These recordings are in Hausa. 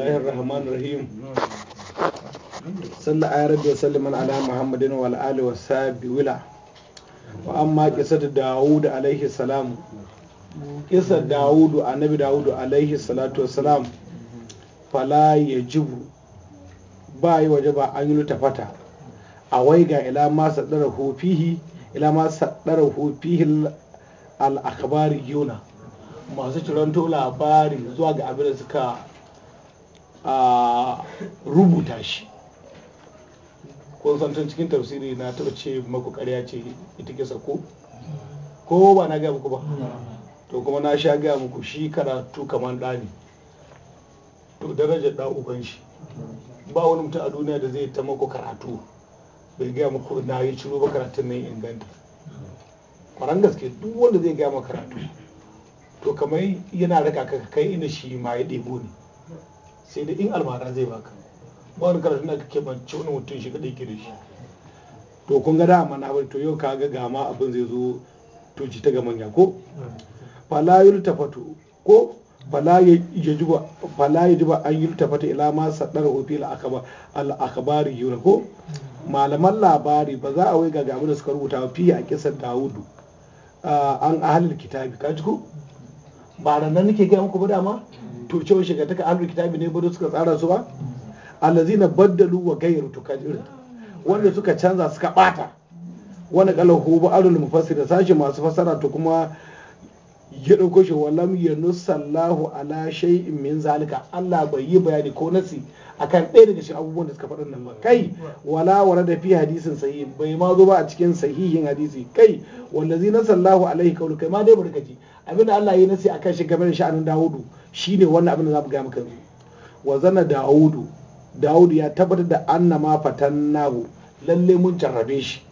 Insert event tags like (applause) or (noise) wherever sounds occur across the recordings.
الله الرحمن الرحيم صلى الله عليه وسلم على محمد وعلى اله وصحبه ولا واما قصه داوود عليه السلام قصه داوود النبي داوود عليه الصلاه والسلام فلا يجب باي وجب أن يلتفت أويغا إلى ما صدره فيه إلى ما صدره فيه الأخبار يونا masu ciranto labari zuwa ga abin da suka a rubuta shi kun cikin tafsiri na taɓa ce maku ƙarya ce ita kisa ko ko ba na gaya muku ba to kuma na sha gaya muku shi karatu kamar ɗa ne to darajar ɗa uban shi ba wani mutum a duniya da zai ta maku karatu bai gaya muku na yi ciro ba karatun nan inganta kwaran gaske duk wanda zai gaya maka karatu to kamar yana raka ka kai ina shi ma ya ɗebo ne sai dai in almara zai baka ba wani karatu na kake ban ci wani mutum shi kadai ke da shi to kun ga dama na bari to yau ka ga gama abin zai zo to ji ta ga manya ko fala yultafatu ko fala yajibu fala an an yultafata ila ma sadar hufil akaba al akbari yura ko malaman labari ba za a wai ga abin da suka rubuta fi a kisan Dawudu an ahalil kitabi ka ji ko ba nan nake gaya muku ba dama ta taka ahlul kitabi ne bado suka tsara su ba allazina baddalu wa ghayru tukajir wanda suka canza suka bata wani kalahu ba arul mufassir sashi masu fasara ta kuma ya dauko shi walam yanusallahu ala shay'in min zalika Allah bai yi bayani ko nasi akan ɗaya daga cikin abubuwan da suka faɗin nan ba kai wala wala da fi hadisin sahihi bai ma zo ba a cikin sahihin hadisi kai wallazi nasallahu sallahu alaihi kaulu kai ma dai barkaci abinda Allah ya nasi akan shi game da sha'anin Dawudu Shi ne wannan abin da za mu gaya maka wa zana daudu daudu ya tabbatar da annama nahu lalle mun jarrabe shi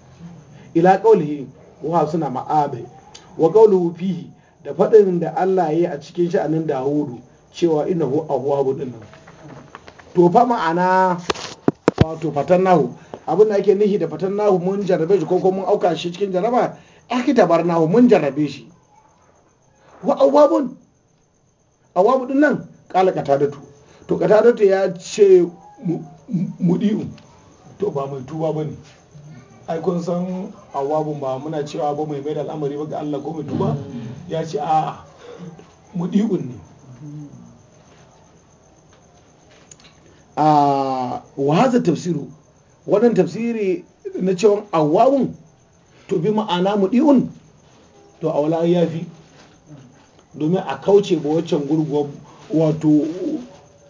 ila qawlihi wa suna ma'abe wa qawluhu fihi da faɗin da Allah ya yi a cikin sha'anin daudu cewa innahu awwabu din nan to fa ma'ana wato nahu abin da ake nihi da nahu mun jarrabe shi ko kuma mun auka shi cikin jarraba ake tabarnahu mun jarrabe shi wa awamu din nan kala katadatu to katadatu ya ce mudi'un to ba mai tuba ba ne ai kun san awabun ba muna cewa ba mai mai al'amari ba ga Allah ko mai tuba ya ce a'a mudi'un ne a haza tafsiru wannan tafsiri na cewa awawun to bi ma'ana mudi'un to a wala ya fi domin a kauce ba waccan gurguwar wato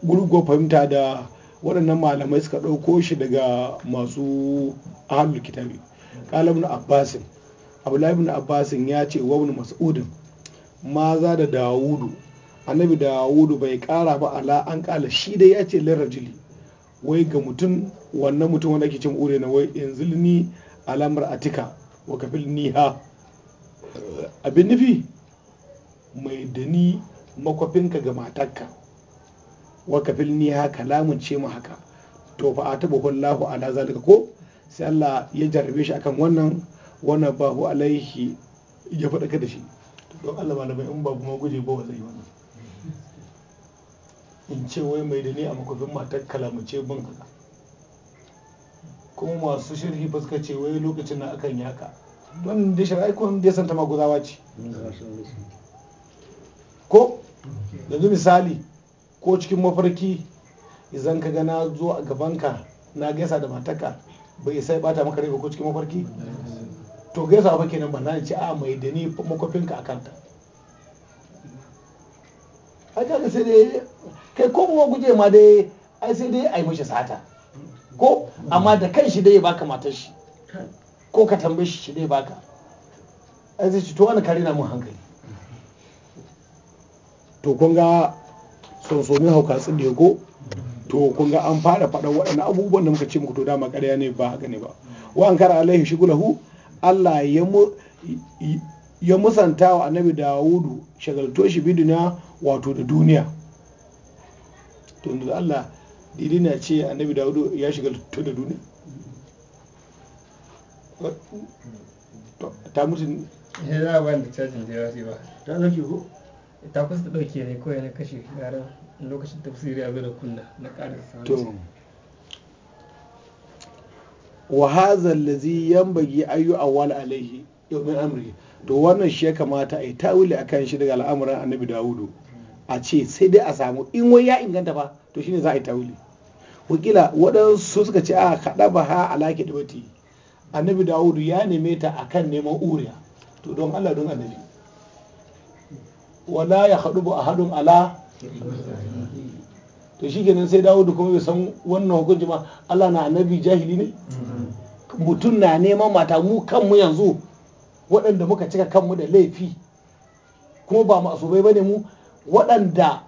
gurguwar fahimta da waɗannan malamai suka ɗauko shi daga masu ahalul kitabi kala abbasin abdullahi ibn abbasin ya ce wa mas'udin maza da dawudu annabi dawudu bai kara ba ala an kala shi dai ya ce lirajili wai ga mutum wannan mutum wanda ake cin ure na wai yanzu ni alamar atika wa kafil niha abin nufi mai da ni makwafinka ga matarka wakafil ni haka lamun ce mu haka to fa atabahu Allahu ala zalika ko sai Allah ya jarrabe shi akan wannan wannan bahu alaihi ya faɗaka da shi don Allah malamai in ba kuma guje ba zai wannan in ce wai mai da ni a makwafin matar ce bin haka kuma masu shirhi fuska ce wai lokacin na akan yaka don da shari'a kun da ya santa maguzawa ce ko yanzu misali ko cikin mafarki idan ka ga na zo a gabanka na gaisa da mataka bai sai bata maka rai ba ko cikin mafarki to gaisa ba kenan ba na ce a mai da ni makwafinka a kanta a ga sai dai kai ko kuma guje ma dai ai sai dai ai mishi sata ko amma da kan shi dai ya baka matar shi ko ka tambaye shi shi dai baka ai zai ci to wani kare na mun hankali to kun ga sonsomin hauka tsin da ko to kun ga an fara faɗa waɗannan abubuwan da muka ce muku to dama ƙarya ne ba haka ne ba wa an kara alaihi shigulahu Allah ya musanta wa annabi Dawudu shagalto shi duniya wato da duniya to da Allah didi na ce annabi Dawudu ya shagalto da duniya ta mutu ne eh, za a bayan da cajin da ya ba ta zaki ko ta kusa ta ɗauke ne kawai na kashe yaran lokacin tafsiri ya zo da kunna na ƙarin samun wa hadha allazi yanbaghi ayu awwal alaihi min amri to wannan shi ya kamata a yi tawili kan shi daga al'amuran annabi dawudu a ce sai dai a samu in wai ya inganta ba to shine za a yi tawili wakila waɗansu suka ce a kaɗa ba ha alaƙi dubati annabi dawudu ya neme ta kan neman uriya to don allah don annabi wala ya haɗu ba a haɗin ala to shi kenan sai dawo da kuma bai san wannan hukunci ma Allah na annabi jahili ne mutum na neman mata mu kanmu yanzu waɗanda muka cika kanmu da laifi kuma ba masu ba ne mu waɗanda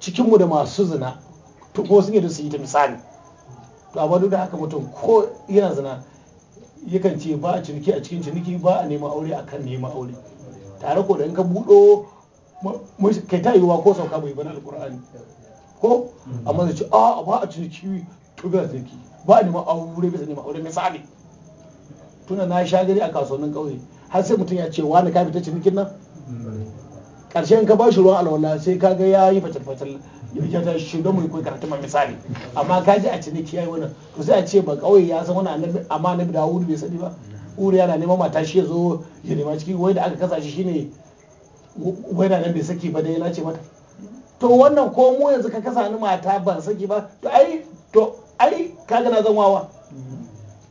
cikinmu da masu zina to ko sun yadda su yi ta misali to amma duk da haka mutum ko yana zina yakan ce ba a ciniki a cikin ciniki ba a neman aure akan neman aure tare ko da in ka buɗo ke ta yiwuwa ko sauka bai banar alkur'ani ko amma zai ce a ba a cikin kiwi to bai zaki ba a ma aure bai ma aure misali tuna na sha gari a kasuwannin ƙauye har sai mutum ya ce wani ka fita cinikin nan karshen ka ba shi ruwan alwala sai ka ga ya yi fatal-fatal ya ta shi don mai karatu ma misali amma ka ji a ciniki ya yi wani to sai a ce ba kawai ya san wani annabi amma annabi da wuri bai sani ba wuri yana neman mata shi ya zo ya nema ciki wai da aka kasa shi shine waina nan bai saki ba da ya lace mata to wannan ko mu yanzu ka kasa ni mata ban saki ba to ai to ai kaga na zan wawa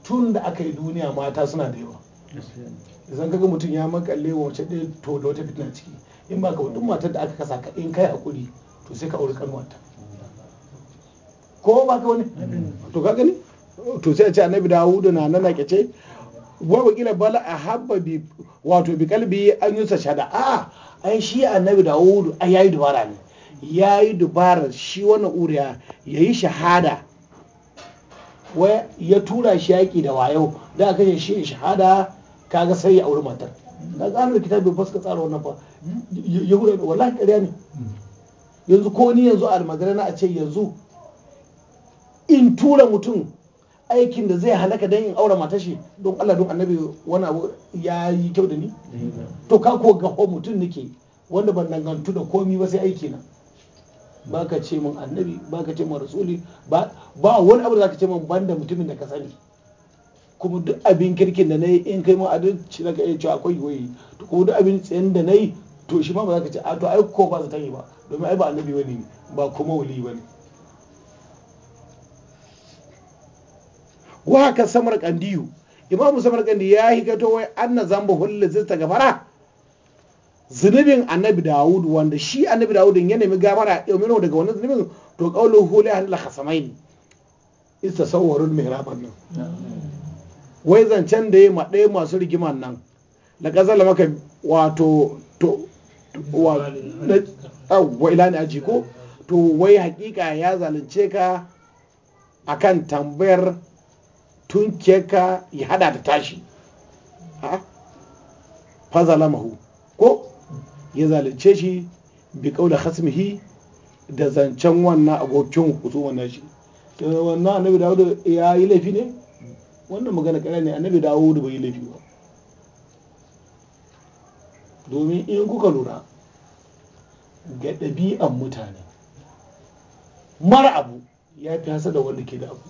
tun da aka yi duniya mata suna da yawa idan kaga mutum ya makalle wace ɗaya to da wata fitina ciki in ba ka duk matar da aka kasa ka in kai hakuri to sai ka auri kanwata ko ba ka wani to ka gani to sai a ce annabi dawudu na nana ke ce wa wakila bala a habba bi wato bi kalbi an yusa shada a An shi annabi wudu ai yayi dubara ne yayi dubara shi wannan uriya yayi shahada wai ya tura shi yaki da wayo da aka ce shi shahada kaga sai ya auri matar Na ga ahlul kitabi ba tsara wannan ba da wallahi kariya ne yanzu ko ni yanzu almagarana a ce yanzu in tura mutum aikin da zai halaka don yin aure matashi don Allah don annabi wani abu ya yi kyau da ni to ka ko ga mutum nake wanda ban dangantu da komi ba sai aiki na ba ka ce min annabi ba ka ce min rasuli ba wani abu da za ka ce min banda mutumin da ka sani kuma duk abin kirkin da na yi in kai a adalci za ka iya cewa akwai yi to kuma duk abin tsayin da na yi to shi ma ba za ka ce a to ai ko ba za ta yi ba domin ai ba annabi wani ba kuma wali wani wa haka samar kandiyu imamu samar kandiyu ya yi hikato wai anna zamba zai ta gafara zunubin annabi dawud wanda shi annabi dawud ya nemi gafara ya mino daga wannan zunubin to kaulu huli an la khasamaini istasawwarul mihraban nan wai zancen da ya ma masu rigiman nan la kazala maka wato to wa wa ila ne aji ko to wai hakika ya zalunce ka akan tambayar Tun keka ya hada da tashi ha fazala mahu ko ya zalunce shi bi kaula khasmihi da zancen wannan abokin hukuman nashi wannan annabi dawud ya yi laifi ne wannan magana kare ne annabi dawud bai yi laifi ba domin in kuka lura ga ɗabi'an mutane mara abu ya fi hasa da wanda ke da abu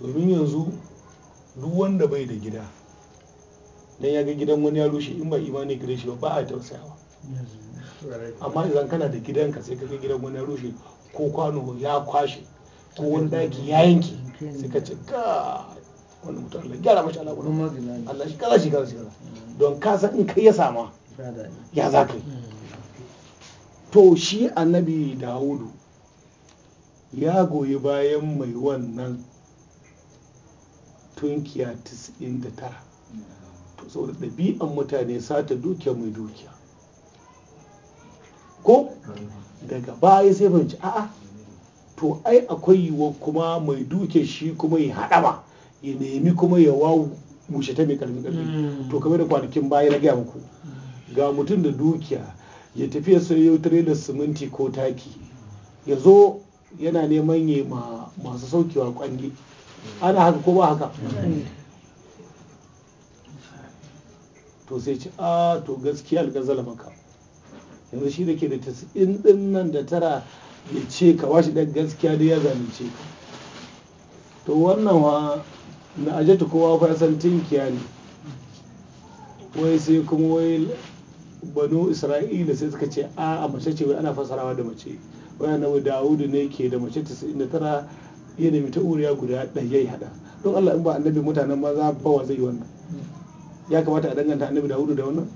domin yanzu duk wanda bai da gida dan ya ga gidan wani ya rushe in ba imani gare shi ba a tausayawa amma idan kana da gidanka sai ka ga gidan wani ya rushe ko kwano ya kwashe ko wani daki ya yanke sai ka ce ka wani mutum Allah gyara mashi Allah gudu Allah shi kaza shi kaza shi kaza don ka san in kai ya sama ya za ka yi to shi annabi Dawudu ya goyi bayan mai wannan tunkiya 99 to saboda ɗabi'an mutane sata dukiya mai dukiya ko daga baya sai fahimci a'a to ai akwai yiwuwa kuma mai duke shi kuma ya ba ya nemi kuma ya wawu mushe ta mai ƙarfi ƙarfi mm. to kamar da kwanakin baya na gaya muku ga mutum da dukiya ya tafi ya sayo trailer siminti ko taki ya zo yana neman ya masu saukewa kwange ana haka ko ba haka hmm. to sai ci a to gaskiya algazala maka yanzu shi da ke da tasirin din nan da tara ya ce ka washi da gaskiya da ya zalunce ce. to wannan wa na ajatu kowa fa san tinkiya ne wai sai kuma wai banu isra'ila sai suka ce a a mace ce wai ana fasarawa da mace wai annabi dawudu ne ke da mace 99 ya nemi ta uriya guda ɗan yayi hada haɗa don Allah in ba annabi mutanen ma za ba wa zai wannan ya kamata a danganta annabi Dawudu da wannan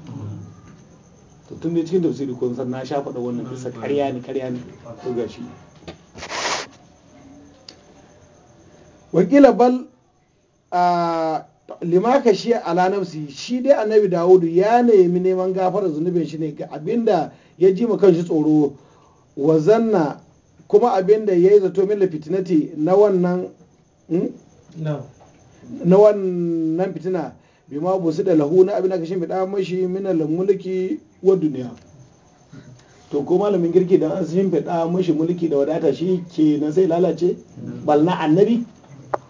to tun da cikin tafsiri ko san na sha faɗa wannan bisa karya ne karya ne ko gashi wakila bal a limaka shi ala nafsi shi dai annabi Dawudu ya nemi neman gafarar zunubin shi ne ga abinda ya ji ma kanshi tsoro wa zanna kuma abin da ya yi zato min fitinati na wannan hmm? na wannan fitina bi ma busu da lahu na abin da kashin bida mashi mina mulki wa duniya to ko malamin girki da an sun fida mashi mulki da wadata shi ke nan sai lalace balna annabi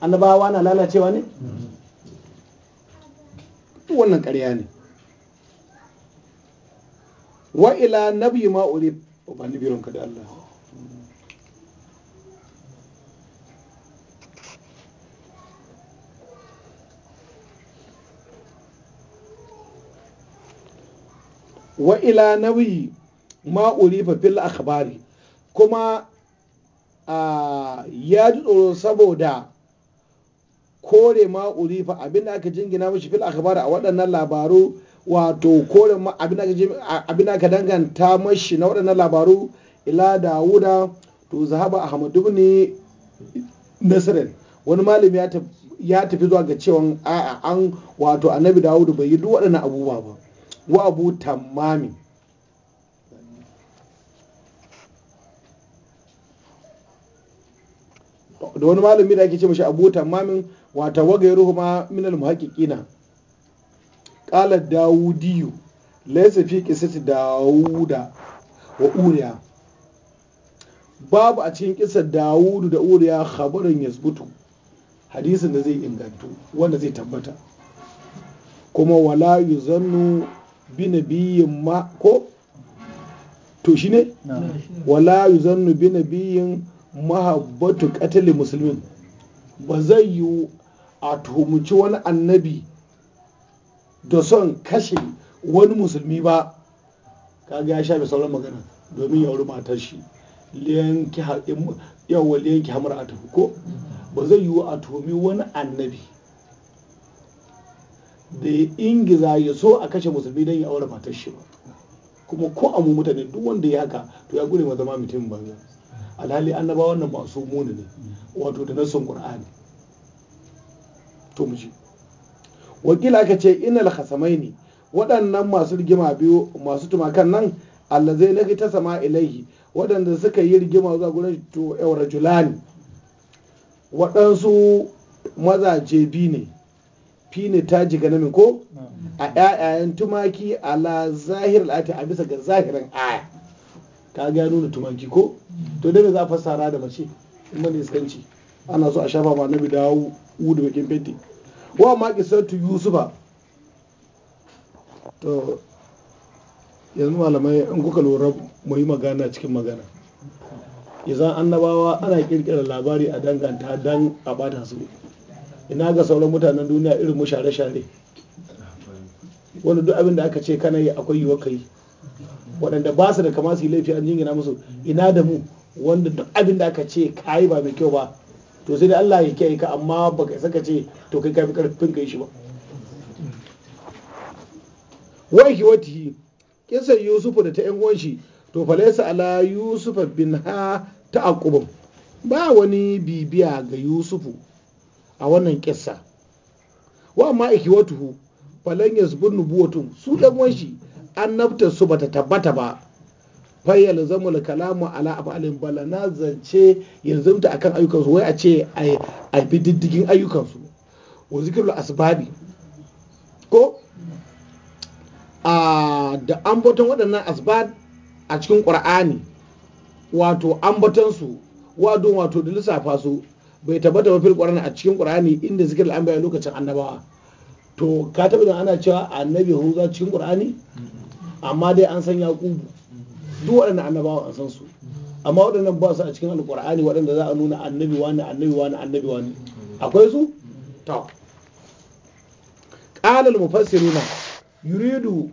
annabawa na lalacewa ne wannan karya ne wa ila nabi ma ba ni biron ka da Allah wa ila nawi ma urifa fil akhbari kuma ya ji tsoro saboda kore ma urifa abinda aka jingina mashi fil akhbari a waɗannan labaru wato kore abinda aka danganta mashi na waɗannan labaru ila dawuda to zahaba ahmadu ne nasirin wani malami ya tafi zuwa ga cewa an wato annabi dawudu bai yi duk waɗannan abubuwa ba wa abu tamami da wani malami da ake ce mashi abu tamamin wata ruhu ma minal na? Ƙalar dawudiyu laisa fi ƙisati dawuda wa uriya babu a cikin ƙisar dawudu da uriya khabarin yasbutu hadisin da zai ingantu wanda zai tabbata kuma wala yuzannu bi nabiyin ma ko to shi ne wala yuzannu bi nabiyin mahabbatu katali musulmin ba zai yi a tuhumci wani annabi da son kashe wani musulmi ba kaga ya shafe sauran magana domin ya matar shi liyanki hamar a ko ba zai yi a tuhumi wani annabi da ya ingiza ya so a kashe musulmi don ya aure matar shi ba kuma ko a mu mutane duk wanda ya haka to ya gure ma zama mutum banza alhali naba wannan masu muni ne wato da nasan qur'ani to mu ji wakila aka ce inal ne. waɗannan masu rigima biyu masu tumakan nan allazai na ta sama ilaihi waɗanda suka yi rigima zuwa gurin to yawar julani waɗansu mazaje biyu ne fini ta jiga namin ko hmm. a ƴaƴayen tumaki ala zahir al'ati a bisa ga zahirin aya ka ga nuna tumaki ko hmm. to dai za a fassara da mace in ba iskanci ana so a shafa ma nabi dawo da bakin fenti wa ma kisatu yusufa to yanzu malamai in kuka lura mu yi magana cikin magana yanzu annabawa ana kirkira labari a danganta dan a bata su ina ga sauran mutanen duniya irin mu share-share wani duk abin da aka ce kana yi akwai yiwuwa yi waɗanda ba su da kama su yi laifi an jingina musu ina da mu wanda duk abin da aka ce ka yi ba mai kyau ba to sai da Allah ya kiyaye ka amma baka isa ka ce to kai kafi karfin ka yi shi ba wai ki wati kisan Yusufu da ta yan uwan shi to falaisa ala Yusufa bin ha ta aqubum ba wani bibiya ga Yusufu a wannan kissa wa amma ikiwatuhu falan yasbun nubuwatun su dan wanshi annabtar su bata tabbata ba fayyal zamul kalamu ala afalin bala na zance yanzu ta akan ayyukan su wai a ce a bi diddigin ayyukan su wa zikirul asbabi ko a da ambaton waɗannan asbab a cikin qur'ani wato ambaton su wato wato da lissafa su bai tabbata ba fil qur'ani a cikin qur'ani inda zikir al-anbiya lokacin annabawa to ka taba ana cewa annabi huza cikin qur'ani amma dai an san yaqubu duk waɗannan annabawa an san su amma waɗannan ba su a cikin qur'ani waɗanda za a nuna annabi wani annabi wani annabi wani akwai su to qala al-mufassiruna yuridu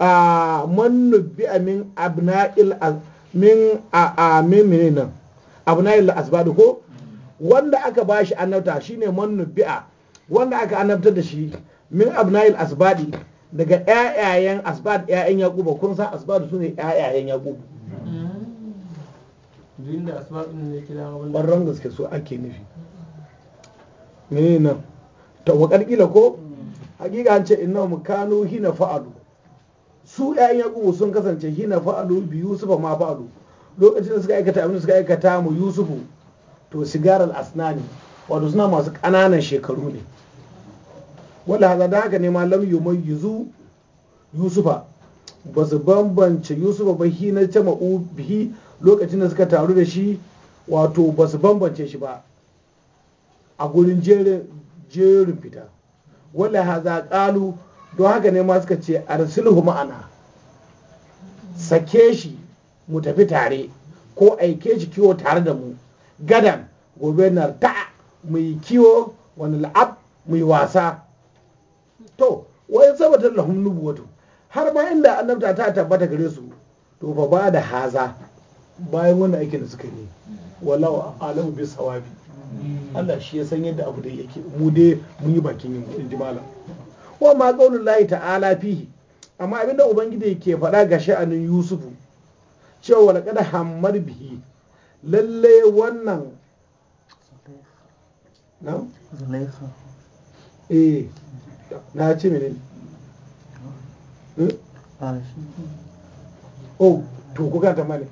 man nubbi'a min abna'il min a min menene nan abna'il asbad ko wanda aka bashi annabta shine mannubi'a wanda aka annabtar da shi min abnail asbadi daga ƴaƴayen asbad ƴaƴan yaquba kun san asbad sune ƴaƴayen yaqub inda asbad ne kira wannan barran gaske so ake nufi menene nan tawakar kila ko hakika an ce inna mukanu hina fa'alu su ƴaƴan yaqubu sun kasance hina fa'alu bi yusufa ma fa'alu lokacin da suka aikata abin da suka aikata mu yusufu to sigarar asnani wato suna masu ƙananan shekaru ne wadda haza da haka ne ma malam yuzu yusufa ba su bambance yusufa ba hi na cama ubi lokacin da suka taru da shi wato ba su bambance shi ba a gurin jerin fita wadda haza ƙalu don haka ne ma suka ce arsilhu ma'ana sake shi mu tafi tare ko aike shi kiwo tare da mu gadan gobe ta mai kiwo wani la'ab mai wasa to wai sabata lahum nubuwatu har ma inda annabta ta tabbata gare su to fa ba da haza bayan wannan aikin da suka yi walau alam bi sawabi Allah shi ya san yadda abu da yake mu dai mun yi bakin yin in ji malam wa ma qaulullahi lahi ta'ala fihi amma abinda ubangiji yake faɗa ga sha'anin yusufu cewa laqad hammar bihi lalle wannan na? eh na ce mene hmm? oh to kuka gama ne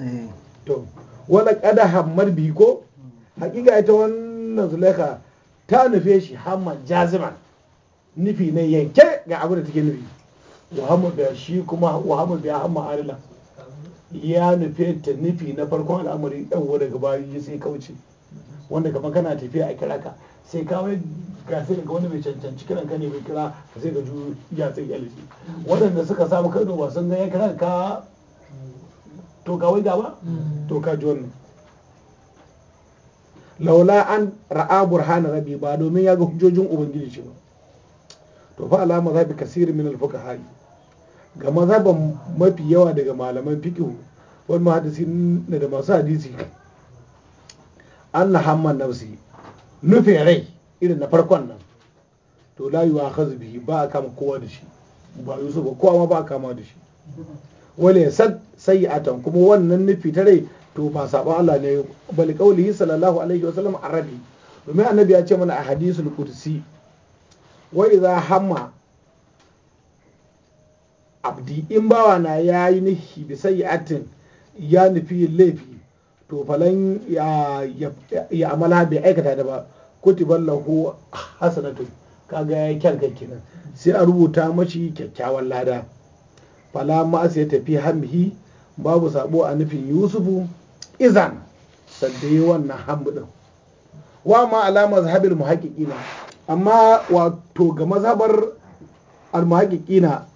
eh. to wala kada hammar bi ko hakika ita wannan zulaiha ta nufe shi hammar jaziman nufi na yanke ga abin da take nufi wa hamma bi shi kuma wa hamma biya hamma alila ya nufi ta nufi na farkon al'amari ɗan daga yi sai kauce wanda kamar kana tafiya a kira ka sai ka wai ga sai ga wani mai cancanci kiran ka ne mai kira Ka sai ga ju ya tsaye alisi waɗanda suka samu kai ba sun ga ya kira ka to ka wai gaba to ka ji wannan laula an ra'a burhan rabi ba domin ya ga hujjojin ubangiji ce ba to fa alama zabi kasiri min alfuka hali. ga mazhaban mafi yawa daga malaman Wani mahadisi na da masu hadisi An na hamman nafsi nufe rai irin na farkon nan to a yuwa khazbi ba a kama kowa da shi ba yusuf ba kowa ma ba a kama da shi wale sad tan kuma wannan nufi ta rai to ba sabon Allah ne bal qaulihi sallallahu alaihi wasallam arabi domin annabi ya ce mana a hadisul qudsi wa idza hamma abdi in bawa na ya yi nihi bi sayyatin ya nufi yin laifi to falan ya amala bai aikata da ba balla lahu hasanatun kaga ya kyarka kenan sai a rubuta mashi kyakkyawan lada fala ma sai tafi hamhi babu sabo a nufin yusufu izan sadda yi wannan hamu din wa ma alama zahabil muhaƙiƙina amma wato ga mazhabar almuhaƙiƙina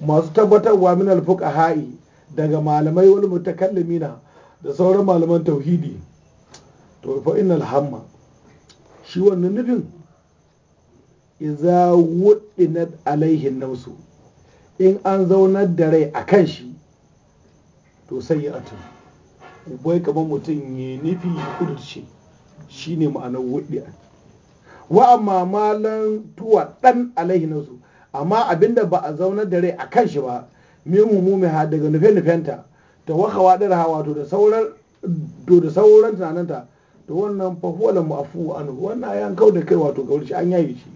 masu tabbatarwa min ha'i daga malamai wani mutakallimina da sauran malaman tauhidi to fa inna alhamma. shi wannan nufin iza wuɗinat alaihin nausu in an zaunar da rai a kan shi to sai ya atu ubai kamar mutum ya nufi kudurce shi ne ma'anar wuɗi wa amma malan tuwa ɗan alaihin nausu amma abinda ba a zaunar da rai a kan shi ba mimu ha daga nufe-nufenta ta wakawa ɗaraha da sauran to da sauran tunaninta to wannan fahuwalan huwa afu wannan ayan kau da kai wato ga shi an yayi shi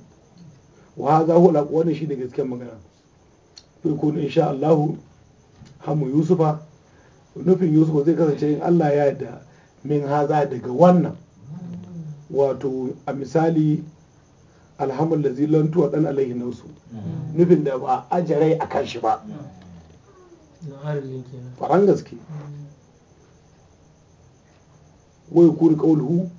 wa hadha huwa laqwa wannan shi da gaskiyar magana to ko insha Allah hamu yusufa nufin yusufa zai kasance in Allah ya yarda min haza daga wannan wato a misali alhamar da zilantu tuwa dan alaihi nausu nufin da ba ajarai a kan shi ba faran gaske wai kuri kaulhu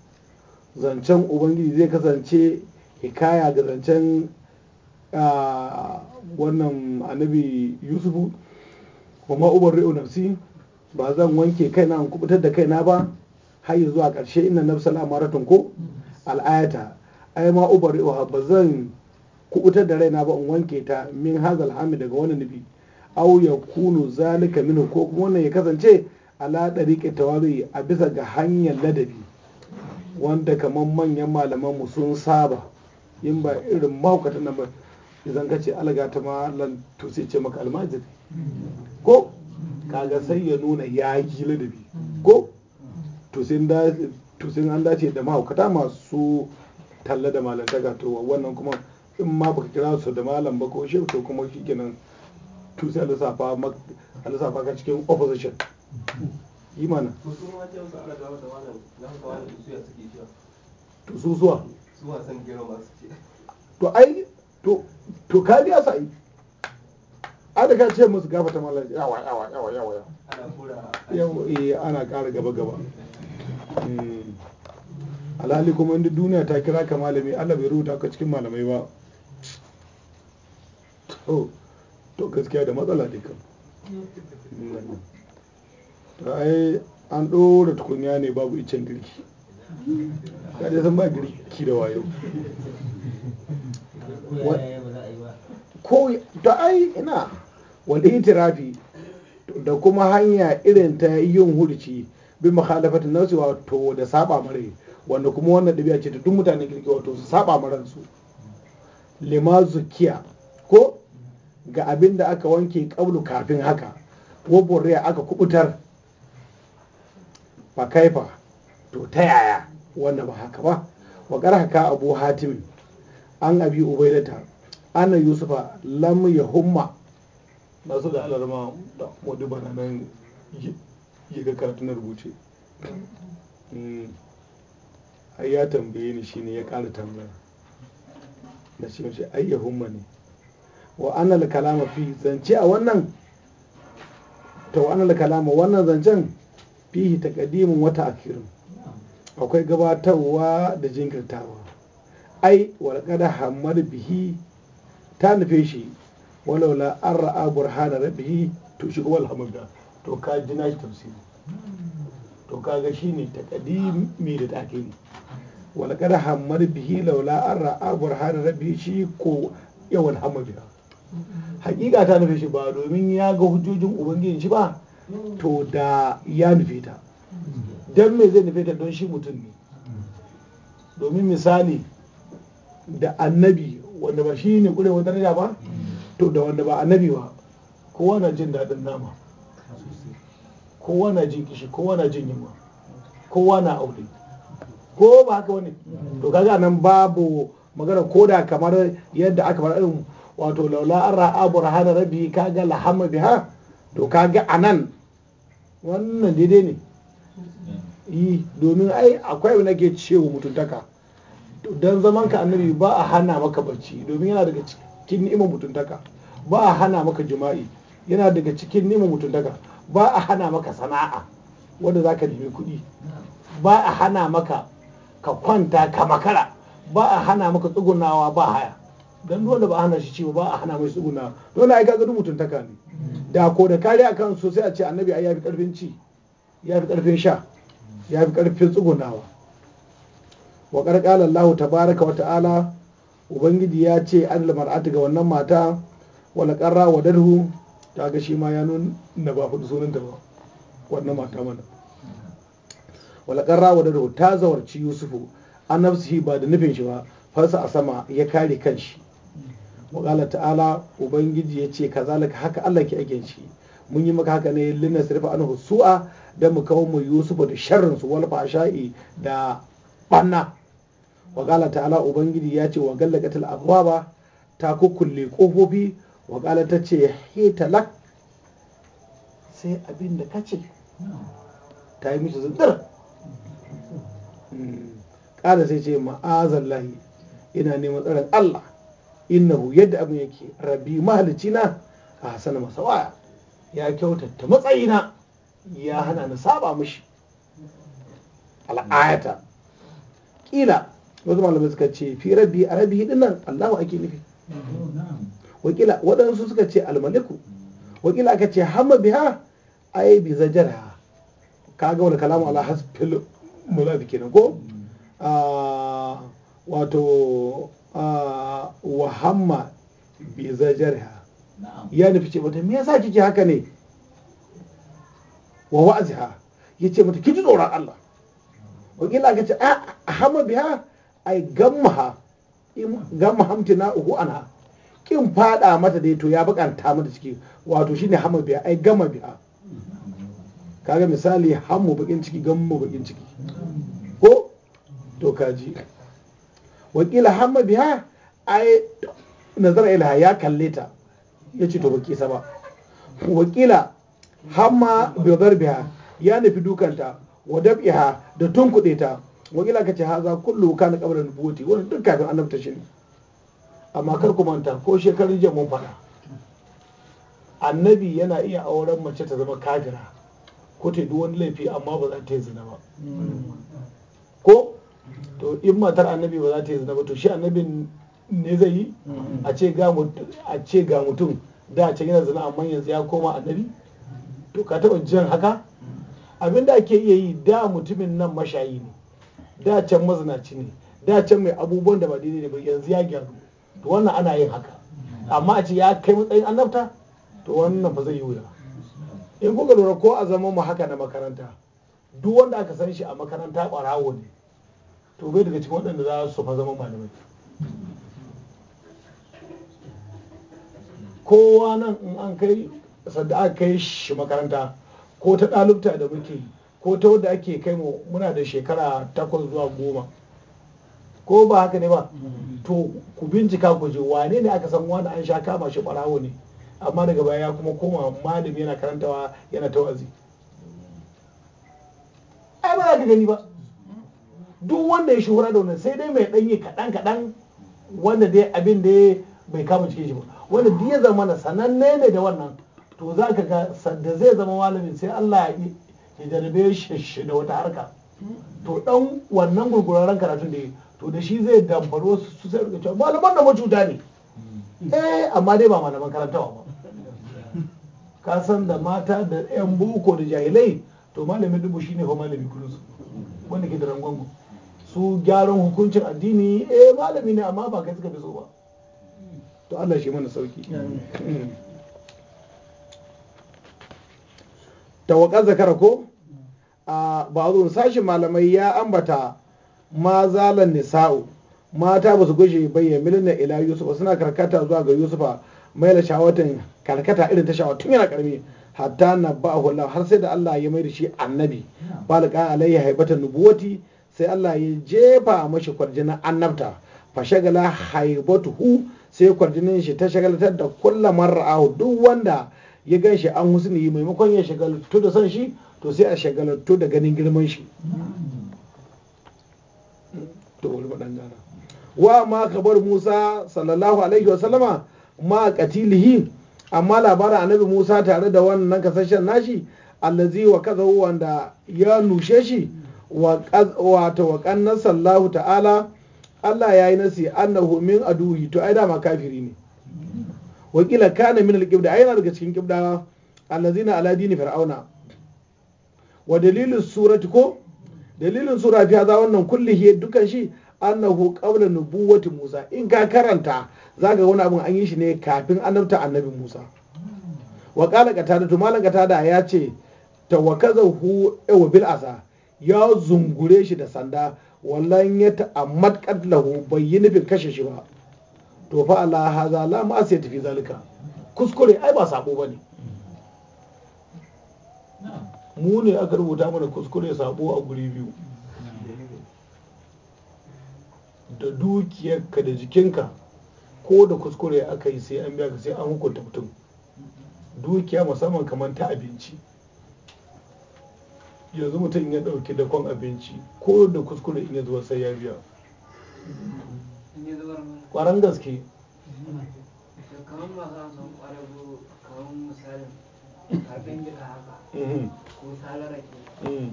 zancen ubangiji zai kasance hikaya ga zancen wannan annabi yusufu kuma ubar ri'u nafsi ba zan wanke kaina in kubutar da kaina ba har zuwa ƙarshe inna na amaratun ko mm. al'ayata ai ma ubar wa ba zan kubutar da raina ba in wanke ta min hazal hami daga wani nufi au ya kunu zalika minu ko kuma wannan ya kasance ala dariqi tawabi a bisa ga hanyar ladabi wanda kamar manyan malaman mu sun saba in ba irin mahaukata nan ba idan ka ce alga ta lan to sai ce maka almajir ko kaga sai ya nuna ya yi ladabi ko to sai an dace da mahaukata masu talle da malam ta malantaka wa wannan kuma in ma baka kira su da malam ba ko shi to kuma shi kenan to sai lissafa ma lissafa ka cikin opposition imana to su ma ta wasu ana gaba da malam na ba da su ya suke shi to su suwa suwa san gero ba suke ce to ai to to ka ga sai an da ka ce musu gaba ta malam yawa yawa yawa yawa ana kura yawa eh ana kara gaba gaba eh. alhali kuma inda duniya ta kira ka malami Allah bai rubuta ka cikin malamai ba to oh, to gaskiya da matsala duka ta ai an ɗora tukunya ne babu icen girki ka dai san ba girki da wayo ko da ai ina wanda tirafi da kuma hanya irin ta yin hurci bi makhalafatin nasu wato da saba mare wanda kuma wannan ɗabi'a ce ta duk mutanen kirki wato su saba ma ransu lima ko ga abin da aka wanke kablu kafin haka ko borriya aka kubutar fa kaifa to ta yaya wanda ba haka ba wa haka abu hatim an abi ubaidata ana yusufa lam humma na su da alarma da wadu nan yi ga rubuce hmm. ai ya tambaye ni shine ya kara tambaya na ce mashi ai ya humma ne wa annal kalama fi zance a wannan ta wa annal kalama wannan zancen fihi taqdimun wata akhirin akwai gabatarwa da jinkirtawa ai qada hamal bihi ta nufe shi walaula an ra'a burhana rabbihi to shi wal hamda to ka ji na shi tafsiri to kaga shine takadimi da takimi wala kada hammar bihi laula an ra'a burhan rabbi shi ko yawan hamma biya. hakika ta nufi shi ba domin ya ga hujjojin ubangijin shi ba to da ya nufi ta dan me zai nufi ta don shi mutum ne domin misali da annabi wanda ba shi ne kurewa daraja ba to da wanda ba annabi ba kowa na jin daɗin nama kowa na jin kishi kowa na jin yunwa kowa na aure ko ba haka wani to kaga nan babu magana ko da kamar yadda aka fara irin wato laula an ra'a burhana rabbi kaga lahama biha to kaga anan wannan daidai ne hmm. yi domin ai akwai abin da ke cewa mutuntaka don zaman ka annabi ba a hana maka barci domin yana daga cikin ni'imar mutuntaka ba a hana maka jima'i yana daga cikin ni'imar mutuntaka ba a hana maka sana'a wanda za ka nemi kuɗi ba a hana maka ka kwanta ka makara ba a hana maka tsugunawa ba haya don dole ba a hana shi ciwo ba a hana mai tsugunawa dole ai kaga rubutun taka ne da ko da a kan sosai sai a ce annabi ai yafi karfin ci yafi karfin sha yafi karfin tsugunawa wa lahu Allah tabaraka wa ta'ala ubangiji ya ce an ga wannan mata wal qarra wa darhu Ta ga shi ma ya nuna ba hudu sunan ta ba wannan mata mana walakar wa dadu ta zawarci yusufu an nafsihi ba da nufin shi ba farsa a sama ya kare kanshi waƙala ta'ala ubangiji ya ce kazalika haka allah ke aikin shi mun yi maka haka ne lina sirfa an su'a da mu kawo mu yusufu da sharrin su wal fashai da banna waƙala ta'ala ubangiji ya ce wa gallaqatil abwaba ta kukkulle kofofi wakala ta ce lak sai abin da ka ce ta yi mishi zindar ƙara hmm. sai ce lahi, ina neman tsarin Allah innahu yadda abin yake rabi mahalicina a hasana waya ya kyautata matsayina ya hana ni saba mishi al'ayata ƙila wasu malamai suka ce fi rabi a rabbi nan, Allahu ake nufi wakila waɗansu suka ce almaliku wakila aka ce biya a yi bi Ka kaga wani kalamu ala hasfil mulabi kenan ko hmm. ah, wato ah, wa hama bi zajarha ya nufi ce mata me yasa kike haka ne wa ha? ya ce mata kiji tsoron Allah wakila aka ce a ah, hama biya a yi gamma hamtina uku ana. kin fada mata dai to ya bukanta mata ciki wato shine hamma biya ai gama biya kaga misali hamu bakin ciki gamu bakin ciki ko to kaji wakila hamma biya ai nazar ilaha ya kalle ta ya ce to baki sa ba wakila hamma biyar biya ya nufi dukanta wa dab'iha da tunkuɗe ta wakila ka ce haza kullu kana qabla nubuwati wannan duk kafin annabta shi ne amma kar ku manta ko shekarun jiya mun faɗa annabi yana iya auren mace ta zama kafira ko ta duk wani laifi amma ba za ta yi zina ba ko to in matar annabi ba za ta yi zina ba to shi annabin ne zai yi a ce ga mutum da can yana zina amma yanzu ya koma annabi to ka taɓa jin haka abin da ake iya yi da mutumin nan mashayi ne da can mazinaci ne da can mai abubuwan da ba daidai ne ba yanzu ya gyaru to wannan ana yin haka amma a ce ya kai matsayin annabta to wannan ba zai yi wuya in kuka lura ko a zama mu haka na makaranta duk wanda aka san shi a makaranta ƙwarawo ne to bai daga cikin waɗanda za su fa zaman malamai kowa nan in an kai sadda aka kai shi makaranta ko ta ɗalibta da muke ko ta wadda ake kai mu muna da shekara takwas zuwa goma ko ba haka ne ba to ku bincika ku je wane ne aka san wani an sha kama shi barawo ne amma daga baya ya kuma koma malami yana karantawa yana tawazi ai ba ka gani ba duk wanda ya shuhura da wannan sai dai mai ɗanyi kadan kaɗan wanda dai abin da bai kama cikin shi ba wanda duk ya zama sananne ne da wannan to za ka ga sanda zai zama malamin sai Allah ya ya jarabe shi da wata harka to dan wannan gurguraren karatun da to da shi zai damfari wasu su sai rika cewa malaman da macuta ne eh amma dai ba malaman karantawa ba ka san da mata da yan boko da jahilai to malamin dubu shine fa malami kullum wanda ke da rangon su gyaran hukuncin addini eh malami ne amma ba kai suka fi so ba to Allah shi mana sauki tawakkal zakara ko a ba'adun sashin malamai ya ambata ma zalan nisa'u mata ba su gushe milina ila yusufa suna karkata zuwa ga yusufa mai da shawatin karkata irin ta tun yana karami hatta na a hula har sai da Allah ya mai da shi annabi ƙan alayya haibatan nubuwati sai Allah ya jefa mashi kwarjinin annabta fa shagala haibatuhu sai kwarjinin shi ta shagaltar da kulla mar'ahu duk wanda ya gan shi an husni maimakon ya shagaltu da son shi to sai a shagaltu da ganin girman shi to wani faɗan jara wa ma kabar musa sallallahu alaihi wa sallama ma katilihi amma labarin annabi musa tare da wannan kasashen nashi allazi wa kaza wanda ya nushe shi wa tawakan na sallahu ta'ala Allah ya yi nasi annahu min aduhi to ai dama kafiri ne wakila kana min alƙibda ai yana daga cikin qibdawa na ala dini fir'auna wa dalilin surati ko dalilin sura za wannan kullihi dukan shi annahu qabla nubuwati Musa in ka karanta zaka wani abin an yi shi ne kafin annabta annabi Musa wa qala qatada to malan qatada ya ce tawakazahu eh, wa bil asa ya zungure shi da sanda wallan ya ta'ammad qatlahu bai yi nufin kashe shi ba to fa ala haza la ma sai tafi zalika kuskure ai ba sako bane mu ne aka rubuta mana kuskure sabo a guri biyu da dukiyarka da jikinka ko da kuskure aka yi sai an biya ka sai an hukunta mutum dukiya musamman kamar ta abinci yanzu mutum ya ɗauki dakon abinci ko da kuskure in ya zuwa sai ya biya kwaran gaske kamar masu kamar misalin kafin gida haka mhm. ko mm.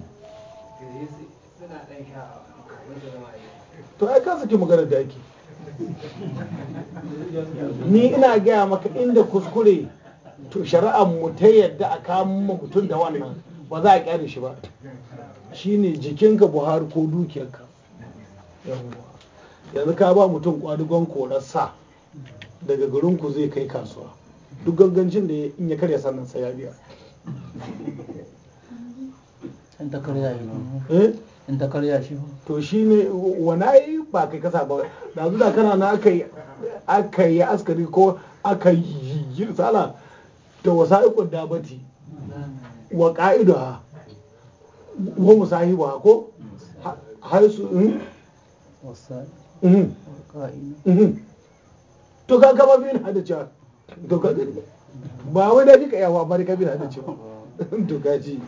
to ai kansa ke magana da ake ni ina gaya maka inda kuskure to shari'ar mu ta yadda a kama mutum da wannan ba za a kyale shi ba shine jikinka buhari ko dukiyarka yanzu ka ba mutum kwadugon korarsa daga garinku zai kai kasuwa duk gangancin da in ya karya sannan sai ya biya in ta karya shi eh? in ta karya shi to shi ne wani ai ba kai kasa ba da zuwa kana na aka yi aka yi askari ko aka yi risala da wasa ikon dabati wa ka'idu ha wa musahibu ha ko har su hmm? Hmm. Hmm. to ka gaba bin hada cewa to ka ba wai da kika yawa bari ka bin hada cewa (laughs) to ka ji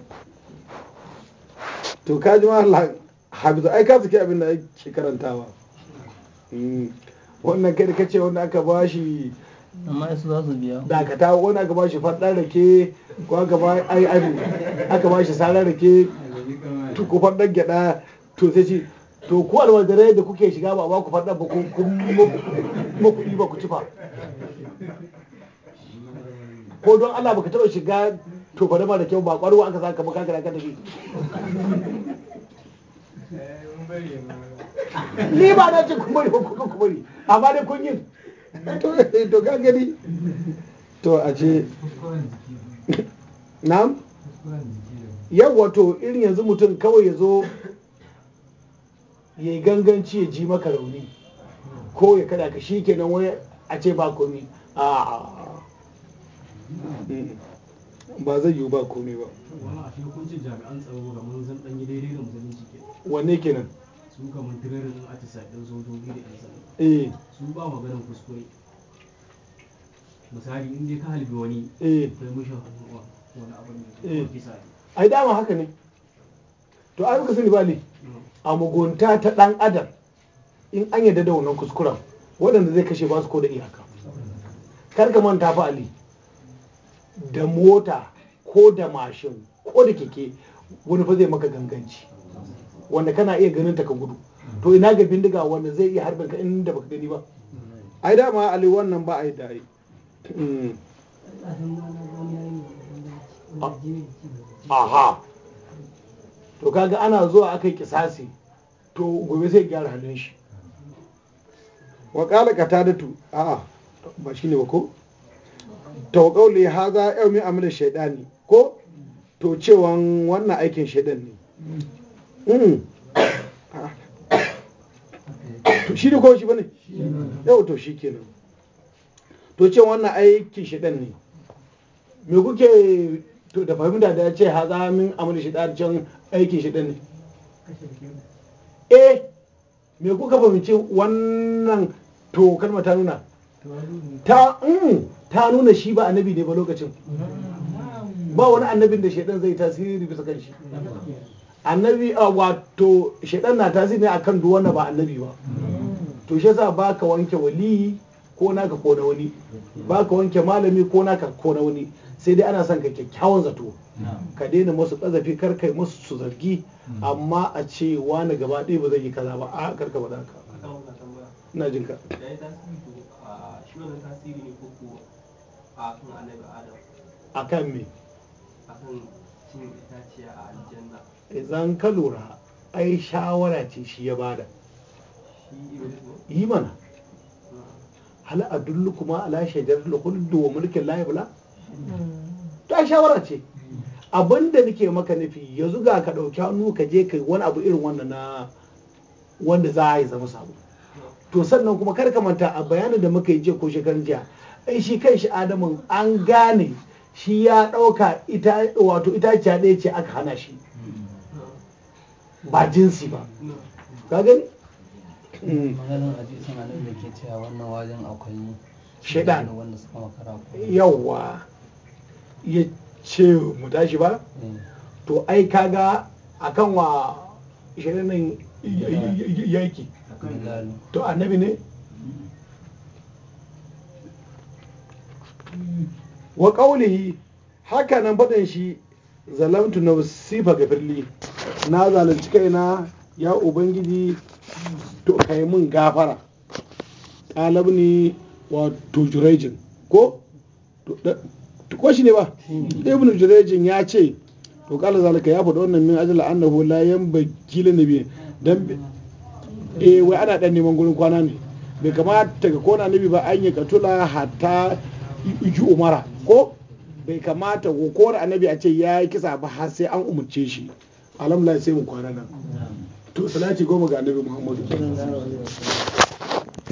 to ka ji mahalla hafizu ai ka suke abin da ake karantawa hmm. wannan kai da kace wanda aka ba amma su za su biya dakata wani aka shi faɗa rake ko aka ba ai abu aka shi sarar rake to ko faɗa gyada to sai ce to ku alwajirai da kuke shiga ba ba ku faɗa ba ku makuɗi ba ku ci ba ko don Allah baka taɓa shiga to bari ma da kyau ba an aka saka ba kaka da ka tafi ni ba na ce kumari ba kuka kumari amma dai kun yi to ka gani to a ce na'am yau wato irin yanzu mutum kawai ya zo ya yi ganganci ya ji maka rauni ko ya kada ka shi kenan wani a ce ba komi a ba zai yiwu ba komai ba wala a shi hukuncin jami'an tsaro ga manzan dan gida daidai da musulunci ke wanne kenan su ga mantirarin atisaɗin ɗin sojoji da yan sanda eh su ba maganin kuskure misali in dai ka halbi wani eh kai mishi hannuwa wani abu ne ko eh. kisa ai dama haka ne to ai muka sani ba ne a mugunta ta dan adam in an yarda da wannan kuskuren waɗanda zai kashe ba su ko da iyaka kar ka manta fa ali da mota ko da mashin ko da keke wani fa zai maka ganganci wanda kana iya ganin ta ka gudu to ina ga bindiga wanda zai iya harbin ka inda baka gani ba ai dama ali wannan ba ai dai hmm. aha to kaga ana zuwa aka yi kisasi to gobe zai gyara halin shi wa kala katadatu a'a ba shine ba ko to kauli haza yau mai amina shaidani ko to cewan wannan aikin shaidan ne hmm. shi ne ko shi bane yau to shi nan to cewan wannan aikin shaidan ne me kuke to da fahimta da ya ce haza min amina shaidan can aikin shaidan ne eh me kuka fahimci wannan to kalmata ta nuna ta hmm. ta nuna shi ba annabi ne ba lokacin ba wani annabin da shaidan zai tasiri bisa kan shi annabi a ah, wato shaidan na tasiri ne akan duk wanda ba annabi ba to shi yasa baka wanke wali ko naka ko na wani baka wanke malami ko naka ko na wani sai dai ana son ka kyakkyawan zato ka daina masu ƙazafi kar kai masu su zargi amma a ce wani gaba ɗaya ba zai yi kaza ba a karka ba ka ina jin ka ah, shi wannan tasiri ne ko akan me akan cin itaciya a aljanna idan ka lura ai shawara ce shi ya bada yi mana hal adullukuma ala shajaratul khuldi wa mulkin la yabla ta shawara ce abinda nake maka nufi ya zuga ka ɗauki hannu ka je ka wani abu irin wannan na wanda za a yi zama sabo to sannan kuma kar ka manta a bayanin da muka yi jiya ko shekarun jiya shi kai shi adamun an gane shi ya ɗauka ita wato itaciya ɗaya ce aka hana shi ba jinsi ba ka gani maganin hadisin anan da ke cewa wannan wajen akwai shaidan wanda suka makara yawa ya ce mu tashi ba to ai kaga akan wa shaidanin yaki to annabi ne wa ƙaunihi haka nan faɗin shi zalamtu nafsi faghfirli na zalunci kaina ya ubangiji to kai gafara gafara ne wa jurejin ko ko shi ne ba hmm. ibn jurejin ya ce to kala zalika ya faɗi wannan min ajala annahu la yanbaghi ne nabi dan eh wai ana dan neman gurin kwana ne bai kamata ga kona nabi ba an yi katula hatta ju umara ko bai kamata ko kowar annabi a ce ya yi kisa ba har sai an umarce shi alhamdulillah sai mu kwana nan to salati goma ga annabi muhammadu